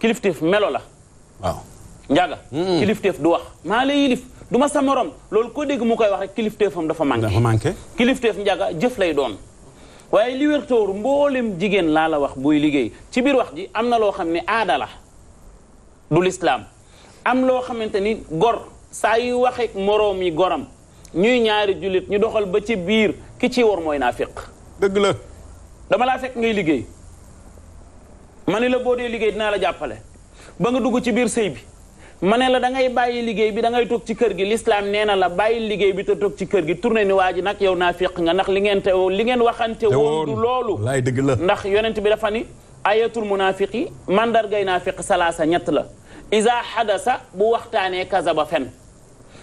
kilifteef melo la. waaw hmm. kilifteef du wax maa lay yilif du ma sa morom loolu ko dégg mu koy wax rek kilifteefam dafa manqué. dafa manqué kilifteef njaaga jëf lay doon. waaye li wér mboolem jigéen laa la wax buy liggéey ci biir wax ji am na loo xam ne aada la du lislaam am loo xamante ni gor saa yu waxee moroom goram ñuy ñaari jullit ñu doxal ba ci biir ki ci war mooy naa féq dëgg la dama laa fekk ngay liggéey ma ne la boo dee liggéey dinaa la jàppale ba nga dugg ci biir sëy bi ma ne la da ngay bàyyi liggéey bi da ngay ci kër gi lislaam nee na la bàyyi liggéey bi te toog ci kër gi tourné ni waa ji nag yow naa féq nga ndax li ngeen li ngeen waxante woon du loolu laay dëgg la ndax yonent bi dafa ni ayatul munaafiqi mandargay naafiq salaasa ñett la isa xadasa bu waxtaanee kazaba fen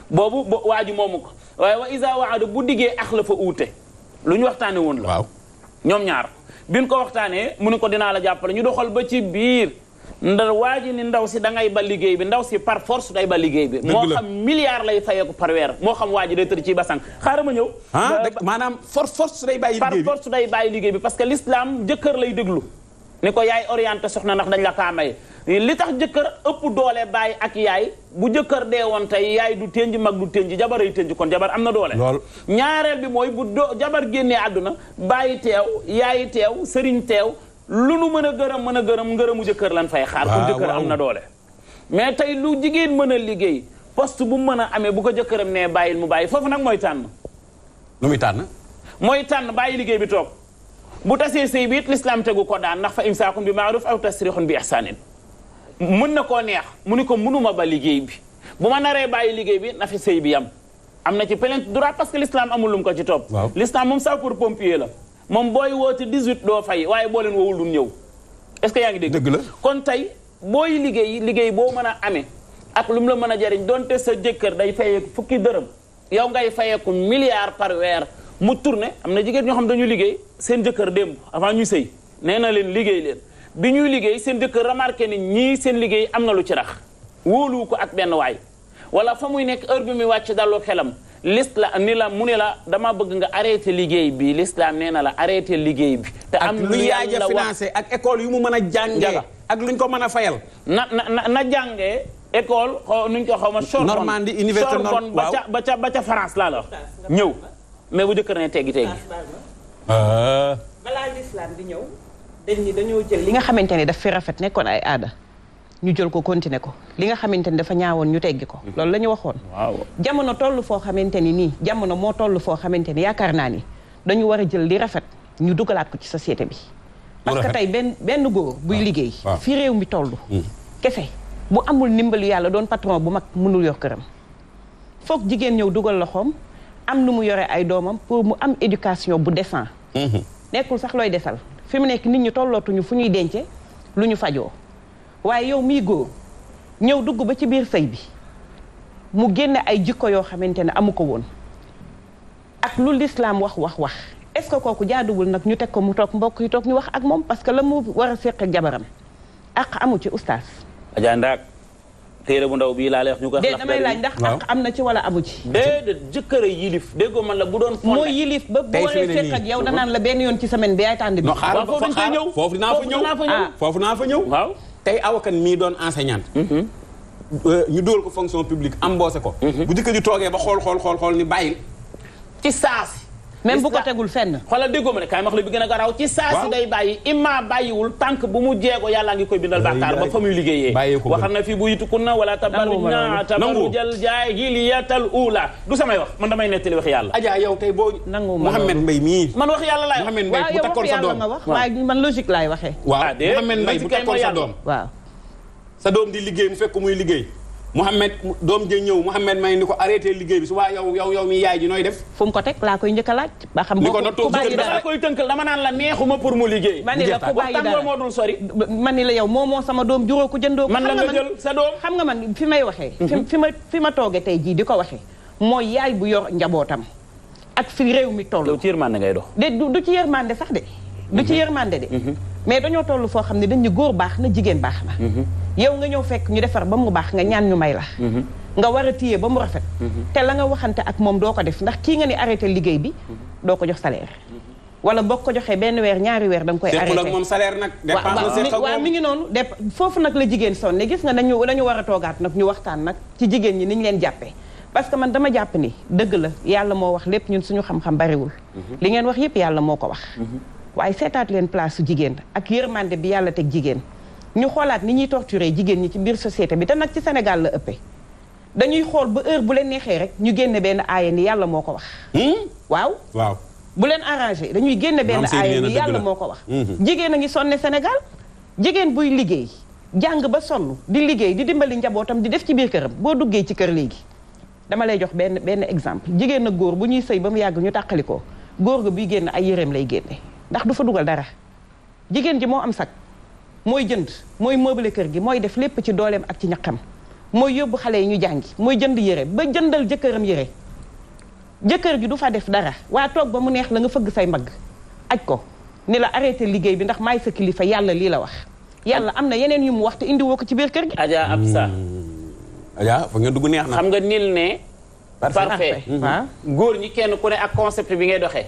boobu waa ji moomu ko waaye wa isa waada bu diggee ax la fa uute lu ñu waxtaane woon la ñoom ñaar biñ ko waxtaanee mu ne ko dinaa la jàppale ñu doxal ba ci biir nda waaj ji ni ndaw si da ngay ba liggéey bi ndaw si par force day ba liggéey bi moo xam milliard lay fayeeku par weer moo xam waa ji day tëdd ci basang xaaral ma ñëw ah, maanaam for force day bàyyi liggéey bi par force bàyyi liggéey bi parce que l'islam jëkkër lay déglu ni ko yaay orienté soxna ndax dañ la kaa may li tax jëkkër ëpp doole bàyyi ak yaay bu jëkkër dee woon tey yaay du tënj mag du tënj jabaray tënj kon jabar am na doole ñaareel bi mooy bu do jabar génnee àdduna bàyyi teew yaay teew sëriñ teew lu nu mën a gërëm mën a gërëm ngërëmu jëkkër lan fay xaar kon jëkkër am na doole mais tey lu jigéen mën a liggéey poste bu mën a amee bu ko jëkkëram nee bàyyil mu bàyyi foofu nag mooy tànn muy tànn mooy tànn bàyyi liggéey bi toog bu tasee sëy bi it l'islam tegu ko daan ndax fa imsaakum bi maaruf bi ihsaanin mën na koo neex mu ni ko mënuma ba liggéey bi bu ma naree bàyyi liggéey bi na fi sëy bi yam am na ci plein droit parce que l'islam amul lum ko ci topp l'islam moom sapeur pompier la moom booy woote 18 doo fay waaye boo leen woowul du ñëw est-ce que yaa ngi dëgg la kon tey booy liggéey liggéey boo mën a amee ak lu mu la mën a jariñ donte sa jëkkër day fayeeku fukki dërëm yow ngay fayeeku milliard par weer mu tourné am na jigéen ñoo xam dañuy liggéey seen jëkkër démb avant ñu sëy nee na leen liggéey leen bi ñuy liggéey seen jëkkër remarqué ni ñii seen liggéey am na lu ci rax wóoluwu ko ak benn waay wala fa muy nekk heure bi muy wàcc daloo xelam l'islam ni la mu ne la dama bëgg nga arrêté liggéey bi l'islam nee na la arrêté liggéey bi te am lu yàlla financé ak école yu mu mën a jàngee ak luñ ko mën a fayal na na na jàngee école xaw nuñ ko xaw ma Normandie université Sorbonne ba ca ba ca ba ca France laa la wax ñëw mais bu jëkkër ne teggi teggi euh. di ñëw dañ li nga xamante ni daf fi rafet nekkoon ay aada ñu jël ko continuer ko li nga xamante ni dafa ñaawoon ñu teggi ko mm-hmm. loolu la waxoon waaw jamono toll foo xamante ni nii jamono moo toll foo xamante ni yaakaar naa ni dañu war a jël li rafet ñu dugalaat ko ci société bi parce que tey benn benn góor buy liggéey fi réew mi toll mm. kefe bu amul ndimbali yàlla doon patron bu mag mënul yor këram foog jigéen ñëw dugal loxoom am nu mu yore ay doomam pour mu am éducation bu décent mm-hmm. nekkul sax looy desal fi mu nekk nit ñu tollootuñu fu ñuy dencee lu ñu fajoo waaye yow miy góor ñëw dugg ba ci biir sëy bi mu génne ay jikko yoo xamante ne amu ko woon ak lu lislaam wax wax wax est-ce que kooku jaaduwul nag ñu teg ko mu toog mbokk yi toog ñu wax ak moom parce que la mu war a séq ak jabaram ak amu ci ustaas. téere bu ndaw bii laa lay ñu koy xalaat damay laaj ndax ak am na ci wala abu ci déedéet jëkkër a yilif déggoo man la bu doon fondé mooy yilif ba boo lay fekk ak yow danaan la benn yoon ci semaine bi ay tànd bi xaaral foofu dañ koy ñëw foofu naa fa foofu naa fa ñëw waaw tey awakan mii doon enseignante mhm. euh, ñu dóor ko fonction publique embauché ko mhm. bu jëkkër ji toogee ba xool xool xool xool ni bàyyil ci saasi même bu ko tegul fenn xoolal déggoo ma ne kaay ma wax bi gën a garaaw ci saa si day bàyyi imma bàyyiwul tànk bu mu jeego yàllaa ngi koy bindal bàkkaar ba fa muy liggéeyee waxam na fi bu yitukkun na wala tabarujna tabarujal jaahiliyatal uula du samay wax man damay nettali wax yàlla Adja yow tey boo nangu Mouhamed Mbaye mii man wax yàlla laay Mouhamed Mbaye bu takkoon sa doom waaw man logique laay waxee waaw ah, Mouhamed Mbaye bu takkoon sa doom sa doom di liggéey mu fekk muy liggéey Mouhamed doom jë ñëw Mouhamed may ni ko arrêté liggéey bi su waa yow yow yow mi yaay ji nooy def fu mu ko teg laa koy njëkk a laaj ba xam dama koy tënkal dama naan la neexuma pour mu liggéey ma ni la ku bàyyi dara moo dul sori man ni la yow moo moo sama doom juróo ko jëndoo man la nga jël sa doom xam nga man fi may waxee mhm. fi ma fi ma tooge tey jii di ko waxee mooy yaay bu yor njabootam ak fi réew mi toll du ci yërmande ngay dox de du ci yërmande sax de lu ci yërmande de mhm. mais dañoo toll foo xam ne dañu góor baax na jigéen baax na mhm. yow nga ñëw fekk ñu defar ba mu baax nga ñaan ñu may la mhm. nga war a téye ba mu rafet te la nga waxante ak moom doo ko def ndax kii nga ni arrêté liggéey bi doo ko jox salaire wala boo ko joxee benn weer ñaari weer da nga koy arrêté ak moom salaire nag waaw mi ngi noonu de foofu nag la jigéen sonne gis nga dañu dañu war a toogaat nag ñu waxtaan nag ci jigéen ñi ni leen jàppee parce que man dama jàpp ni dëgg la yàlla moo wax lépp ñun suñu xam-xam bariwul li ngeen wax yépp yàlla moo ko wax waaye seetaat leen place su jigéen ak yërmande bi yàlla teg jigéen ñu xoolaat ni ñuy torturé jigéen ñi ci biir société bi te nag ci Sénégal la ëppee dañuy xool ba heure bu leen neexee rek ñu génne benn aaya ni yàlla moo ko wax. Hmm? waaw waaw. bu leen arrangé dañuy génne benn aaya ni yàlla moo ko wax. Hmm. jigéen a ngi sonne Sénégal jigéen buy liggéey jàng ba sonn di liggéey di dimbali njabootam di def ci biir këram boo duggee ci kër léegi. dama lay jox benn benn exemple jigéen góor bu ñuy sëy ba mu yàgg ñu tàqalikoo góor ga buy génn ay yéreem lay génne. ndax du fa dugal dara jigéen ji moo am sag mooy jënd mooy meuble kër gi mooy def lépp ci dooleem ak ci ñaqam mooy yóbbu xale yi ñu jàngi mooy jënd yére ba jëndal jëkkëram yére jëkkër ji du fa def dara waa toog ba mu neex la nga fëgg say mbagg aj ko ni la arrêté liggéey bi ndax may sa kilifa yàlla lii la wax yàlla am na yeneen yi mu wax te indi woo ko ci biir kër gi Adja Absa hmm. Adja fa nga dugg neex na xam nga nil ne parfait hmm. ah. góor ñi kenn ku ne ak concept bi ngay doxee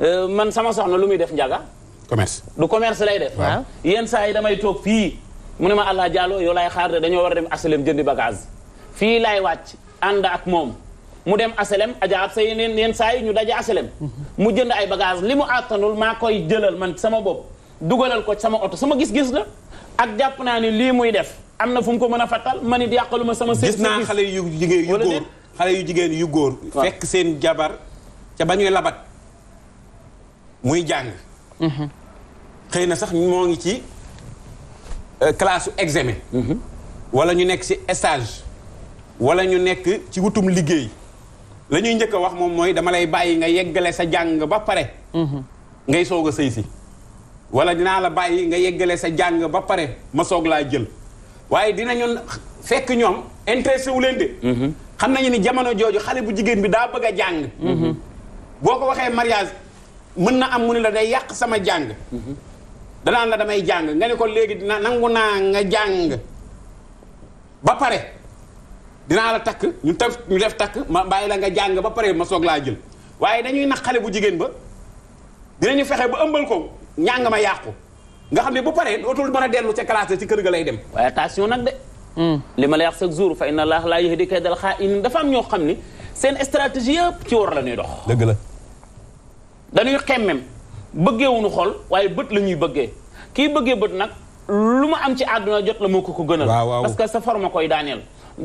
Euh, man sama soxla lu muy def njaga commerce du commerce lay def. waaw yenn saa yi damay toog fii mu ne ma allah Diallo yow laay xaar de dañoo war a dem asalem jëndi bagage fii laay wàcc ànd ak moom mu dem asalem ajaab sa yeneen yenn saa yi ñu daje asalem. Mhm. mu jënd ay bagage li mu àttanul maa koy jëlal man sama bopp dugalal ko sama oto sama gis-gis la ak jàpp naa ni lii muy def am na fu mu ko mën a fattal man it yàqalu ma sama. service gis naa xale yu jigéen yu góor xale yu jigéen yu góor. fekk seen jabar ca ba muy jàng. xëy na sax moo ngi ci euh, classe examen. wala ñu nekk ci stage. wala ñu nekk ci wutum liggéey. lañuy njëkk a wax moom mooy dama lay bàyyi nga yeggale sa jàng ba pare. ngay soog a sëy si. wala dinaa la bàyyi nga yeggale sa jàng ba pare ma soog laa jël. waaye dinañu fekk ñoom intéressé wu leen de. Mhm. xam nañu ni jamono jooju xale bu jigéen bi daa bëgg a jàng. Mhm. boo ko waxee mariage. mën na am mu ne la day yàq sama jàng danaa la damay jàng nga ne ko léegi dina nangu naa nga jàng ba pare dinaa la takk ñu taf ñu def takk ma bàyyi la nga jàng ba pare ma soog laa jël waaye dañuy nax xale bu jigéen ba dinañu fexe ba ëmbal ko ñàng ma yàqu nga xam ne bu pare dootul mën a dellu ca classe ci kër ga lay dem waaye attention nag de hmm. li ma la wax chaque jour fa inna allah laa yahdi kaydal xaa'iniin dafa am ñoo xam ni seen stratégie yëpp ci war la ñuy dox dëgg la dañuy xemmem bëggeewuñu xol waaye bët la ñuy bëggee kii bëggee bët nag lu ma am ci àdduna jot la moo ko ko gënal parce que sa forme koy daaneel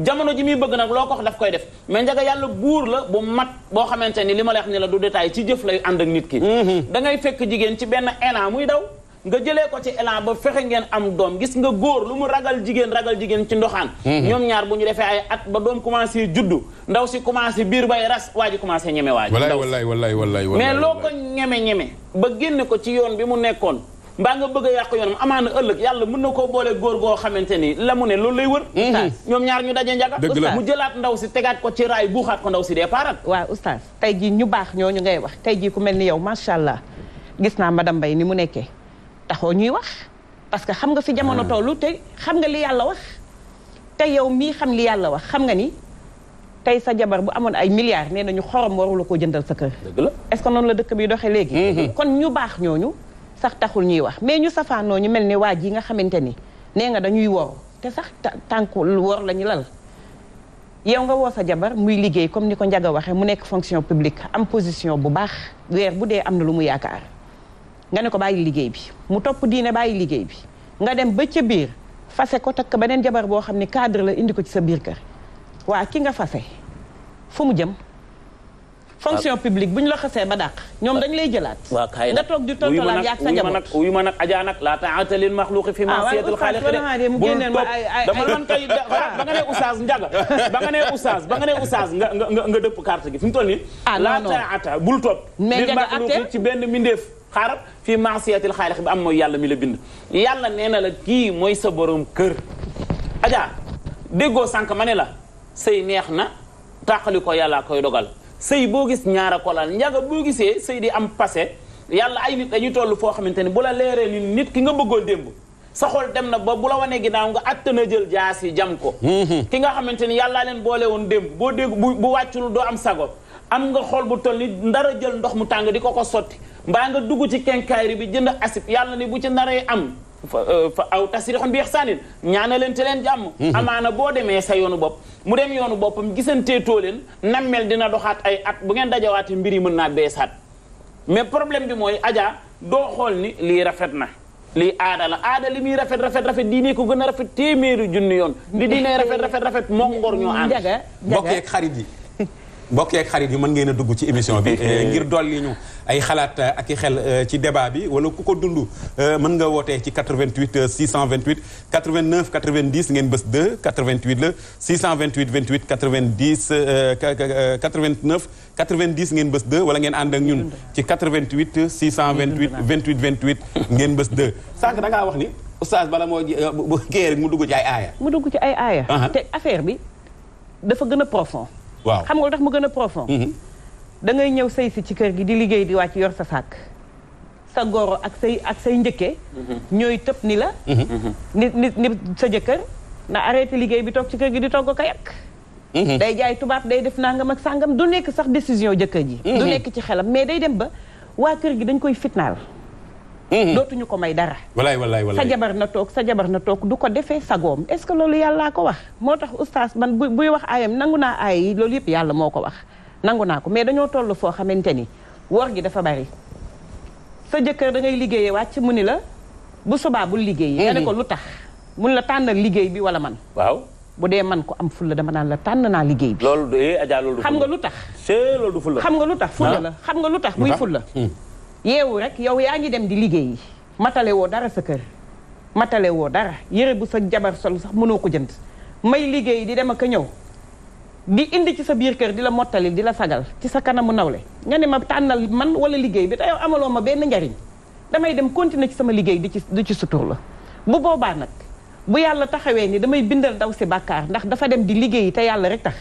jamono ji muy bëgg nag loo ko daf koy def mais njaga yàlla buur la bu mat boo xamante ni li ma lay wax ni la du détail ci jëf lay ànd ak nit ki mm-hmm. da ngay fekk jigéen ci benn élan muy daw nga jëlee ko ci élan ba fexe ngeen am doom gis nga góor lu mu ragal jigéen ragal jigéen ci ndoxaan mhm. ñoom ñaar bu ñu defee ay at ba doom commencé juddu ndaw si commencé biir bay ras waa ji commencé ñeme waa ji wallaay wallaay wallaay mais loo ko ñeme-ñeme ba génne ko ci yoon bi mu nekkoon mbaa nga bëgg a yàq yoonam amaana ëllëg yàlla mën na koo boole goo xamante ni la mu ne loolu lay wër mhm. ñoom ñaar ñu daje njaga mu jëlaat ndaw si tegaat ko ci raay buuxaat ko ndaw si dee paaral waaw oustaz tey jii ñu baax ñooñu ngay wax tey jii ku mel ni yow macha allah gis naa ma dam Mbaye ni mu nekkee taxoo ñuy wax parce que xam nga fi jamono hmm. tollu te xam nga li yàlla wax te yow mii xam li yàlla wax xam nga ni tey sa jabar bu amoon ay milliards nee nañu xorom warula koo jëndal sa kër est ce noonu la dëkk bi doxee léegi hmm. kon ñu baax ñooñu sax taxul ñuy wax mais ñu safaanoo ñu mel ne waa ji nga xamante ni nee nga dañuy wor te sax tànku wor la lal yow nga woo sa jabar muy liggéey comme ni ko Njaga waxee mu nekk fonction publique am position bu baax weer bu dee am na lu mu yaakaar nga ne ko bàyyi liggéey bi mu topp diine bàyyi liggéey bi nga dem ba ca biir fase ko takk beneen jabar boo xam ne cadre la indi ko ci sa biir kër waa ki nga fase fu mu jëm fonction publique bu ñu la xasee ba dàq ñoom dañ lay jëlaat nga toog di tontalaat yaag sa njaboot wuyu ma nag aja nag laa ta'ata lil maxluqi fi ah, ma'siyatil xaaliq bu toog ba nga ne oustaz njaga nga ne oustaz ba gi fi mu toll nii ah, laa ta'ata bul benn mindeef fii ma'siyatil xaaliq bi am mooy yàlla mi la bind yàlla nee na la kii mooy sa borom kër aja déggoo sànq ma ne la sëy neex na tàqali ko yàlla koy dogal sëy boo gis ñaara ko laal njaga boo gisee sëy di am passé yàlla ay nit dañuy toll foo xamante ni bu la leeree ni nit ki nga bëggoon démb sa xol dem na ba bu la wanee ginnaaw nga àttana jël jaas yi jam ko mm-hmm. ki nga xamante ni yàllaa leen boole woon démb boo dégg bu bu lu doo am sago am nga xool bu toll ni ndara jël ndox mu tàng di ko ko sotti mbaa nga dugg ci kenkaayri bi jënd asib yàlla ni bu ci naree am Euh, fa aw tasrixun bi ihsaanin ñaana leen te leen jàmm mhm. amaana boo demee sa yoonu bopp mu dem yoonu boppam gisanteetoo leen nammel dina doxaat ay at bu ngeen dajawaatee mbir yi mën naa beesaat mais problème bi mooy Adja doo xool ni lii rafet na li aada la aada li muy rafet rafet rafet diine ko gën a rafet téeméeri junni yoon di diine rafet rafet rafet moo ngor ñoo ànd bokk ak xarit yi mbokk yeeg xarit yi mën ngeen a dugg ci émission bi eh, eh. Eh, ngir dolli ñu ay xalaat ak i xel ci débat bi wala ku ko dund mën nga wootee ci 88 628 89 90 ngeen bés 2 88 la 628 28 90 89 90 ngeen bés 2 wala ngeen ànd ak ñun ci 88 628 28 28 ngeen bés 2 sànq da wax ni oustaz bala moo bu kii rek mu dugg ci ay aaya mu dugg ci ay aaya uh-huh. te affaire bi dafa gën a profond waaw xam nga lu tax mu gën a profond. Mm-hmm. da ngay ñëw sëy si ci kër gi di liggéey di wàcc yor sa sàkk. sa goro ak say ak say njëkke mm-hmm. ñooy tëb ni la. ni mm-hmm. ni sa jëkkër na arrêté liggéey bi toog ci kër gi di togg ko yàq. day jaay tubaab day def nangam ak sàngam du nekk sax décision jëkkër ji. du nekk ci xelam mais day dem ba waa kër gi dañ koy fitnaal. Mhm. dootuñu ko may dara. walaay walaay walaay jabar na toog sa jabar na toog du ko defee sagoom est-ce que loolu yàllaa ko wax. moo tax oustaz man bu buy wax aayam nangu naa aay yi yëpp yàlla moo ko wax nangu naa ko mais dañoo toll foo xamante ni wor gi dafa bari sa jëkkër da ngay liggéeyee wàcc mu ni la bu subaa bul liggéey. nga ne mhm. lu tax mun la tànnal liggéey bi wala man. waaw. bu dee man ko am fulla dama naan la tànn naa liggéey bi. loolu de Adja xam nga lu tax. c'est loolu xam nga lu tax fulla ah. la xam nga lu tax muy fulla hmm. yeewu rek yow yaa ngi dem di liggéeyi matale woo dara sa kër matale woo dara yére bu sa jabar sol sax mënoo ko jënd may liggéey di dem ak ñëw di indi ci sa biir kër di la mottali di la sagal ci sa kanamu nawle nga ne ma tànnal man wala liggéey bi te yow amaloo ma benn njariñ damay dem continuer ci sama liggéey di ci di ci sutur la bu boobaa nag bu yàlla taxawee ni damay bindal daw si bàkkaar ndax dafa dem di liggéey te yàlla rek tax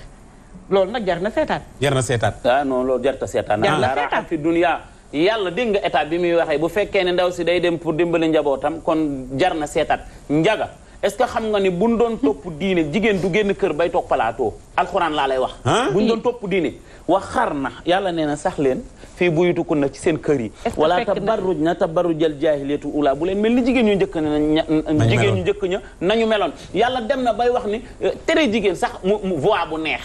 loolu nag jar na seetaan jar na seetaan ah non seetaan jar na seetaan yàlla dégg nga état bi muy waxee bu fekkee ne ndaw si day dem pour dimbali njabootam kon jar na seetaat njaga est-ce que xam nga ni buñ doon topp diine jigéen du génn kër bay toog plateau alxuraan laa lay wax buñ doon topp diine wax xar na yàlla nee na sax leen fii buyutukun na ci seen kër yi wala tabarruj na ta tabarrujal jaahiliyatu ula bu leen mel ni jigéen ñu njëkk na jigéen ñu njëkk ña nañu meloon yàlla dem na bay wax ni eh, tere jigéen sax mu voix bu neex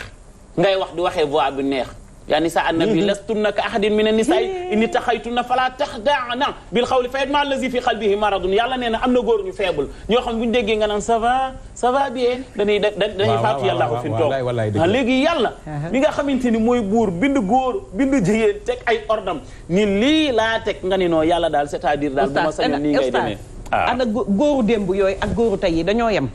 ngay wax du waxee voix bu neex yaa nisa annabi mm-hmm. lastunna ka ahadin min annisaay mm-hmm. inni taxaytunna fala taxdaana bil xawli fa yatma allazi fi qalbihi maradun yàlla nee na am na góor ñu faible ñoo xam bu ñu déggee nga naan ça va ça va bien dañuy dañuy faatu yàllaa ko fi toog ah léegi yàlla uh-huh. mi nga xamante ni mooy buur bindu góor bindu jigéen teg ay ordam ni lii laa teg nga ni noo yàlla daal c'est-à-dire daal bu ma sañoon nii ngay demee ah ana góoru démb yooyu ak góoru tey yi dañoo yem